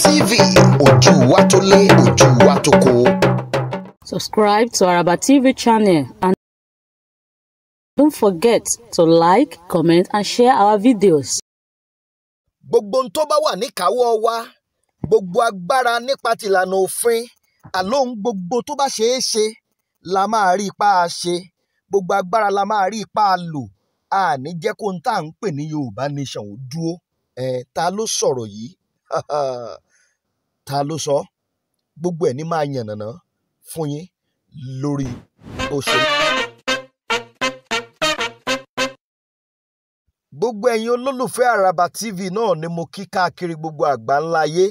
TV ojú wa tó lé ojú wa tó kó. Subscribe to Araba TV channel and don't forget to like, comment and share our videos. Gbogbo ohun tó bá wà níkàáwọ́ wa, gbogbo agbára nípa tìlànà òfin, àlóhùn gbogbo tó bá ṣeé ṣe la máa rí ipá a ṣe gbogbo agbára la máa rí ipá a lò a ní jẹ́ kó n tá ń pè ní Yorùbá nation ó dúró ẹ̀ ta ló sọ̀rọ̀ yìí ta ló sọ gbogbo ẹ̀ ní máa yànnàná fún yín lórí òṣèlú. gbogbo ẹ̀yin olólùfẹ́ Àràbà TV náà ni mo kí káàkiri gbogbo àgbà ńlá ayé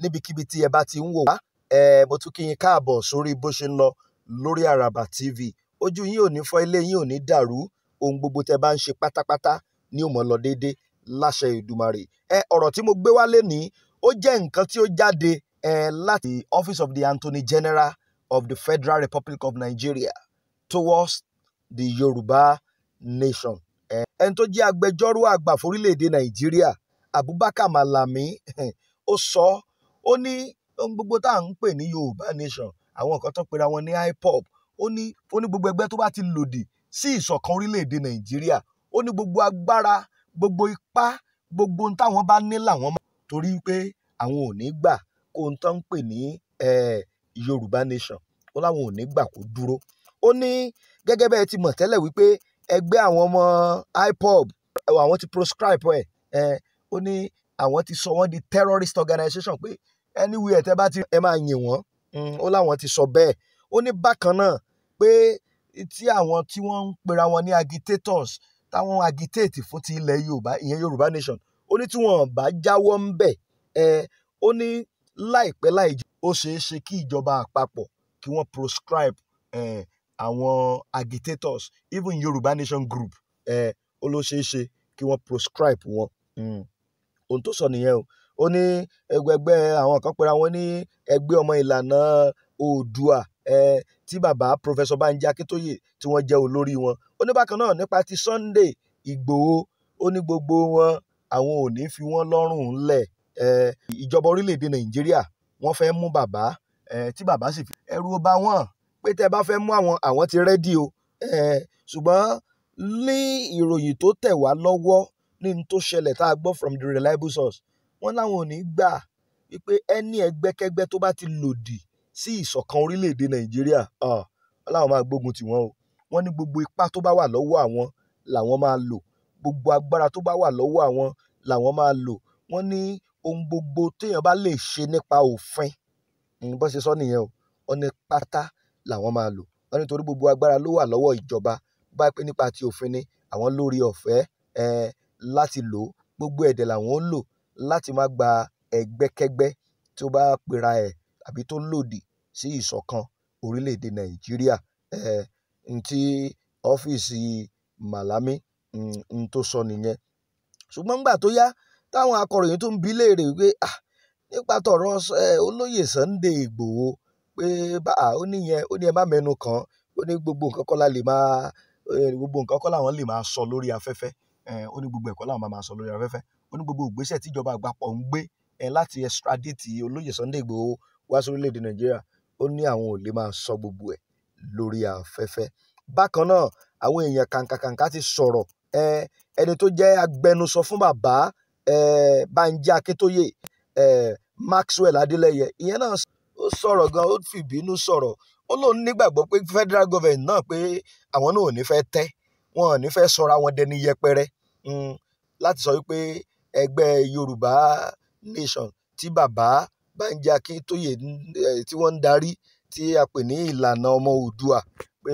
níbikíbi tí ẹ bá ti ń wò wá ẹ mo tún kí yín káàbọ̀ sórí bó ṣe ń lọ lórí Àràbà TV ojú yín ò ní fọ́ ilé yín ò ní dàrú ohun gbogbo tẹ bá ń ṣe pátápátá ní ó mọ́ lọ déédéé láṣẹ Èdùmàrè ẹ ọ̀rọ̀ tí mo gbé wá lénìí ó jẹ́ nǹkan tí ó jáde ẹ láti Office of the Attorney General of the Federal Republic of Nigeria towards the Yoruba nation. ẹni tó jẹ́ agbẹjọ́rò àgbà forílẹ̀-èdè Nàìjíríà Abubakar Malami ó sọ ó ní ohun gbogbo tá à ń pè ní Yorùbá nation àwọn kan tó pera wọn ní IPOB ó ní ó ní gbogbo ẹgbẹ́ tó bá ti lòdì sí ìṣọ̀kan orílẹ̀-èdè Nàìjíríà ó ní gbogbo agbára gbogbo ipá gbogbo ohun táwọn bá ní làwọn máa torí pé àwọn ò ní gbà ohun tó ń pè ní Yorùbá nation ó láwọn ò ní gbà kó dúró ó ní gẹ́gẹ́ bẹ́ẹ̀ ti mọ̀ tẹ́lẹ̀ wípé ẹgbẹ́ àwọn ọmọ IPOB àwọn ti proscribe ẹ̀ ó ní àwọn ti sọ wọ́n di terrorist organization pé anywhere tẹ́ bá ti ẹ máa yìn wọ́n hmm, ó láwọn ti sọ bẹ́ẹ̀ ó ní bákan náà pé tí àwọn tí wọ́n ń pera wọn ní agitators táwọn agitate fún ti ilẹ̀ Yorùbá ìyẹn Yorùbá nation ó ní tí wọ́n bá jáwọ́ ń bẹ̀ ẹ ó ní láìpẹ́ láì jẹ́ ó ṣeé ṣe kí ìjọba àpapọ̀ kí wọ́n proscribe eh, àwọn agitators even Yorùbá Nation Group eh, ó ló ṣeé ṣe kí wọ́n proscribe wọn. Mm. ohun tó sọ nìyẹn o ó ní ẹgbẹgbẹ àwọn kan pera wọn ní ẹgbẹ́ ọmọ ìlànà Oòduà eh, tí bàbá Professor Banji Akíntóyè tí wọ́n jẹ́ olórí wọn ó ní bákan náà nípa ti Sunday Ìgbòho ó ní gbogbo wọn àwọn ò ní fi wọ́n lọ́rùn ńlẹ̀ ìjọba orílẹ̀-èdè nàìjíríà wọ́n fẹ́ mú bàbá tí bàbá sì fi ẹ̀rù ó bá wọn pé tẹ́ bá fẹ́ mú àwọn àwọn ti rẹ́dí o ṣùgbọ́n ní ìròyìn tó tẹ̀ wá lọ́wọ́ ní n tó ṣẹlẹ̀ tá a gbọ́ from the reliable source wọ́n láwọn ò ní gbà wípé ẹni ẹgbẹ́kẹ́gbẹ́ tó bá ti lòdì sí ìṣọ̀kan orílẹ̀-èdè nàìjíríà wọ́n láwọn máa gbógun tiwọn o wọ́n ní gbogbo ipá tó bá wà lọ́wọ́ àwọn làwọn máa lò gbogbo agbára tó bá wà lọ́wọ́ àwọn làwọn máa lò wọ́n ní ohun gbogbo téèyàn bá lè ṣe nípa òfin hmm, bó ṣe sọ nìyẹn o wọ́n ní pátá làwọn máa lò wọ́n ní torí gbogbo agbára ló wà lọ́wọ́ ìjọba bó bá pé nípa ti òfin ni àwọn lórí ọ̀fẹ́ um láti lò ó gbogbo ẹ̀dẹ̀ làwọn ń lò láti má gba ẹgbẹ́kẹ́gbẹ́ tó bá pera ẹ̀ àbí tó lòdì sí ìṣọ̀kan orílẹ̀-èdè nàìjíríà um n tí ọ́fíìsì malami hmm, n tó sọ nìyẹn ṣùgbọ́n nígbà tó yá táwọn akọ̀ròyìn tó ń bi léèrè wípé ah nípa tọ̀rọ̀ olóyè Sunday Ìgbòho pé báà ó níyẹn ó ní ẹ má mẹ́nu kàn ó ní gbogbo nǹkan kọ́ la lè máa gbogbo nǹkan kọ́ làwọn lè máa sọ lórí afẹ́fẹ́ ó ní gbogbo ẹ̀kọ́ làwọn máa sọ lórí afẹ́fẹ́ ó ní gbogbo ìgbésẹ̀ tíjọba àgbàpọ̀ ń gbé láti extradite olóyè Sunday Ìgbòho wá sórílẹ̀-èdè Nàìjíríà ó ní àwọn ò lè máa sọ gbogbo ẹ̀ lórí afẹ́fẹ́ bákan náà àwọn èèyàn kàǹkàkàǹkà ti sọ̀rọ̀ ẹni tó jẹ́ agbẹnusọ fún bàbá Banji Akintoye, Maxwell Adeleye. Ìyẹn náà ó sọ̀rọ̀ gan, ó fi ìbínú sọ̀rọ̀. Ó lóun nígbàgbọ́ pé federal government náà pé àwọn náà ò ní fẹ́ tẹ́, wọn ò ní fẹ́ sọra wọn dẹni yẹpẹrẹ. Hmm, láti sọ wípé ẹgbẹ́ Yorùbá Nation tí bàbá Banji Akintoye tí wọ́n ń darí tí a pè ní ìlànà ọmọ Oòduà pé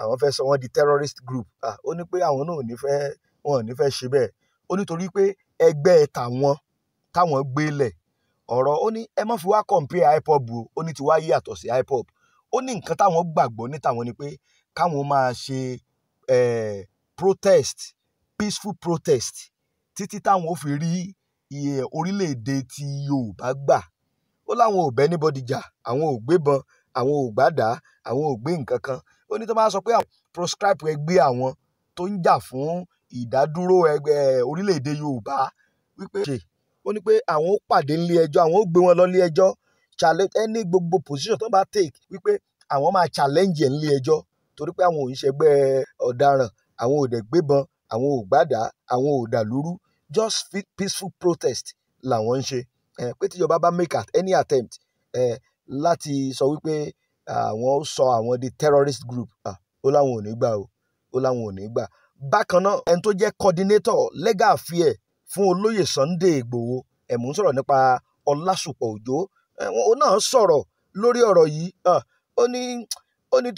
àwọn fẹ́ sọ wọ́n di terrorist group. Ó ní pé àwọn náà ò ní fẹ́, wọn ò ní fẹ́ ṣe bẹ́ẹ̀. Ó ní pé ẹgbẹ́ tàwọn táwọn gbé lẹ̀ ọ̀rọ̀ ó ní ẹ má fi wá compare IPOB o ó ní tiwa yàtọ̀ sí IPOB ó ní nǹkan táwọn gbàgbọ́ ní tàwọn ni pé káwọn máa ṣe protest peaceful protest títí táwọn ó fi rí iye orílẹ̀-èdè ti Yorùbá gbà ó láwọn ò bẹ́ níbọ̀dì jà àwọn ò gbébọn àwọn ò gbádàá àwọn ò gbé nǹkan kan ó ní tó máa sọ pé proscribe ẹgbẹ́ àwọn tó ń jà fún ìdádúró ẹgbẹ́ orílẹ̀-èdè Yorùbá wípé ó ní pé àwọn ó pàdé nílé ẹjọ́ àwọn ó gbé wọn lọ ilé ẹjọ́ challenge any gbogbo position tó bá take wípé àwọn máa challenge ẹ̀ nílé ẹjọ́ torí pé àwọn ò ń ṣẹgbẹ́ ọ̀daràn àwọn ò dẹ̀ gbébọn àwọn ò gbádà àwọn ò dàlúrú just peaceful protest làwọn ń ṣe pé tíjọba bá make at any attempt láti sọ wípé àwọn ó sọ àwọn di terrorist group ó láwọn ò ní gbà ó láwọn ò ní gbà bákan náà ẹni tó jẹ́ coordinator legal affair fún olóyè Sunday Ìgbòho ẹ̀mú ń sọ̀rọ̀ nípa Ọlásùpọ̀ Òjó òun náà sọ̀rọ̀ lórí ọ̀rọ̀ yìí ó ní ó ní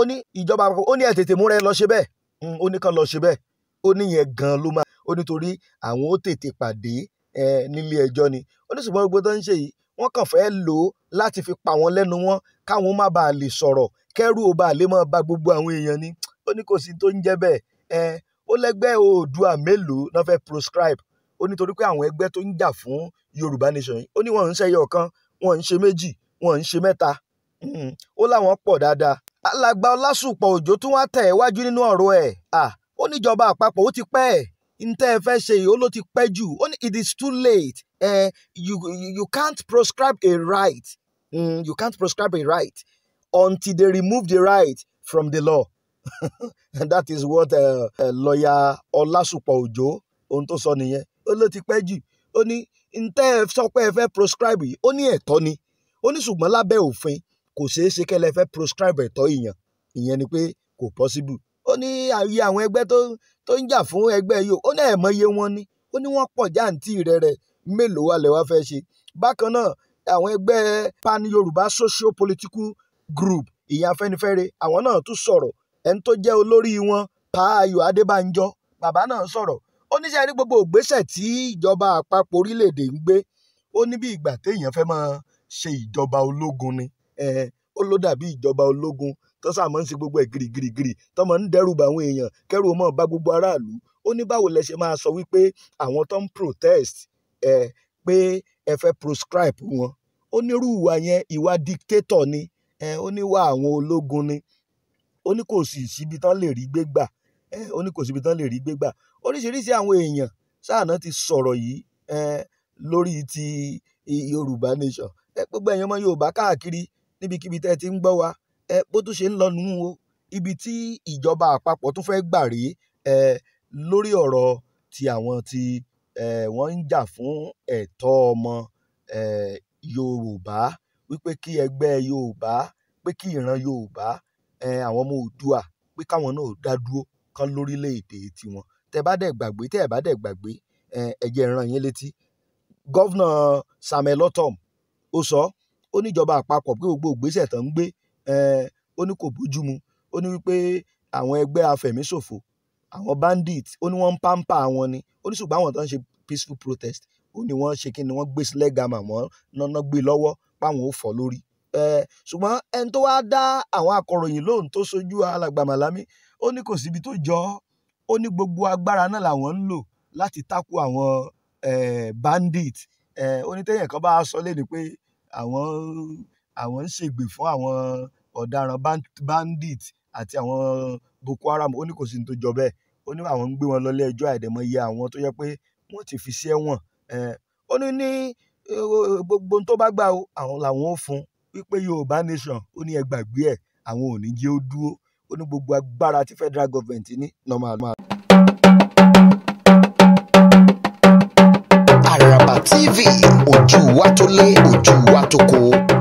ó ní ìjọba àpapọ̀ ó ní ẹ̀ tètè múra ẹ lọ ṣe bẹ́ẹ̀ ó ní kán lọ ṣe bẹ́ẹ̀ ó ní yẹn gan ló máa ó nítorí àwọn ó tètè pàdé nílé ẹjọ́ ni ó ní ṣùgbọ́n gbogbo tó ń ṣe yìí wọ́n kàn fẹ́ lò ó láti fi pa wọ́n lẹ́nu wọn káwọn má bàa lè sọ̀rọ̀ kẹ́rù ó bàa lè máa ba gbogbo àwọn èèyàn ni ó ní kò sí tó ń jẹ́ bẹ́ẹ̀ ẹ ó lẹ́gbẹ́ oòdùà mélòó ló fẹ́ proscribe ó ní torí pé àwọn ẹgbẹ́ tó ń jà fún yorùbá nation yìí ó ní wọ́n ń ṣe ẹyọ kan wọ́n ń ṣe méjì wọ́n ń ṣe mẹ́ta hmm, ó láwọn pọ̀ dáadáa alàgbà ọlásùpọ̀ òjò tún wá tẹ̀ wájú nínú ọ̀rọ̀ ẹ̀ ó níjọba àpapọ̀ ó ti pẹ́ ẹ̀ ntẹ́ ẹ fẹ́ ṣe yìí ó ló ti pẹ́ jù ó ní it is too late uh, you, you, you can't proscribe a right mm, you can't proscribe a right until they remove the right from the law and that is what uh, uh, lawyer ọlásùpọ̀ òjò ohun tó sọ nìyẹn ó ló ti pẹ́ jù ó ní ntẹ́ ẹ sọ pé ẹ fẹ́ proscribe yìí ó ní ẹ̀tọ́ ni ó ní ṣùgbọ́n lábẹ́ òfin kò ṣeé ṣe kẹ́lẹ́ fẹ́ proscribe ẹ̀tọ́ ìyàn ìyẹn ni pé kò possible ó ní àyè àwọn ẹgbẹ́ tó tó ń jà fún ẹgbẹ́ yìí ó ní ẹ̀mọye wọn ni ó ní wọ́n pọ̀ jáǹtì rẹ rẹ mélòó wà lẹ́wà fẹ́ ṣe bákan náà àwọn ẹgbẹ́ pan Yorùbá socio political group ìyẹn Afẹ́nifẹ́re àwọn náà tún sọ̀rọ̀ ẹni tó jẹ́ olórí wọn pa adébánjọ bàbá náà sọ̀rọ̀ ó ní sẹ́yìn gbogbo ògbésẹ̀ tí ìjọba àpapọ̀ orílẹ̀-èdè ń gbé ó ní bí ìgbà téèyàn fẹ́ máa ṣe ìjọba ológun ni ó ló dàbí ìjọba ológun tó sáà ń ṣe gbogbo ẹ̀ girigirigiri tó máa ń dẹ́rùbà àwọn èèyàn kẹ́rù mọ́ bá gbogbo aráàlú ó ní báwo lẹ ṣe máa sọ wípé àwọn tó ń protest ẹ pé ẹ fẹ́ proscribe wọn ó ní irú ìwà yẹn ìwà dictator ni ẹ ó ní wà àwọn ológun ni ó ní kò sì síbi tán lè rí gbé gbà ẹ ó ní kò síbi tán lè rí gbé gbà oríṣiríṣi àwọn èèyàn sáànà ti sọ̀rọ̀ yìí ẹ lórí ti Yorùbá Nation ẹ gbogbo ẹ̀yàn ọmọ Yorùbá káàkiri níbikíbi tẹ́ ẹ ti ń gbọ́ wa ẹ bó tún ṣe ń lọ nù o ibi tí ìjọba àpapọ̀ tún fẹ́ẹ́ gbà rèé ẹ lórí ọ̀rọ̀ ti àwọn tí ẹ wọ́n ń jà fún ẹ̀tọ́ ọmọ ẹ Yorùbá wípé kí ẹgbẹ́ Yorùbá pé kí ìran Yorùbá um àwọn ọmọ oòdùà pé káwọn náà dá dúró kán lórílẹ̀‐èdè tiwọn tẹ́ bá dẹ̀ gbàgbé tẹ́ ẹ̀ bá dẹ̀ gbàgbé ẹ jẹ́ n rán yín létí gọ́vnà Samuel Ortom ó sọ ó níjọba àpapọ̀ pé gbogbo ìgbésẹ̀ tó ń gbé ó ní kò bójúmu ó ní wípé àwọn ẹgbẹ́ afẹ̀míṣòfò àwọn bandit ó ní wọ́n ń pampa àwọn ni ó ní ṣùgbọ́n àwọn tó ń ṣe peaceful protest ó ní wọ́n ṣe kí ni wọ́n gbé sílẹ̀ gàmà wọ́n náná gbé lọ́wọ́ páwọn ò fọ́ lórí ṣùgbọ́n ẹni tó wá dá àwọn akọ̀ròyìn lóhùn tó sojú alàgbà Màlámí ó ní kò síbi tó jọ ó ní gbogbo agbára náà làwọn ń lò láti takú àwọn bandit onítẹ̀yìn kan bá sọ lẹ́nu pé àwọn àwọn ń ṣègbè fún àwọn ọ̀daràn bandit àti àwọn Boko Haram ó ní kò sí ní tó jọ bẹ́ẹ̀ ó ní àwọn ń gbé wọn lọ lẹ́ẹjọ́ àìdẹ̀mọ iye àwọn tó yẹ pé wọ́n ti fi sí ó ní ní gbogbo tó bá gbà àwọn làwọn ó fún wípé yorùbá nation ó ní ẹ ẹ àwọn ò ní jẹ́ ó dúró ó ní gbogbo agbára tí federal government ní normal. Àràbà TV ojú wa tó lé ojú wa tó kó.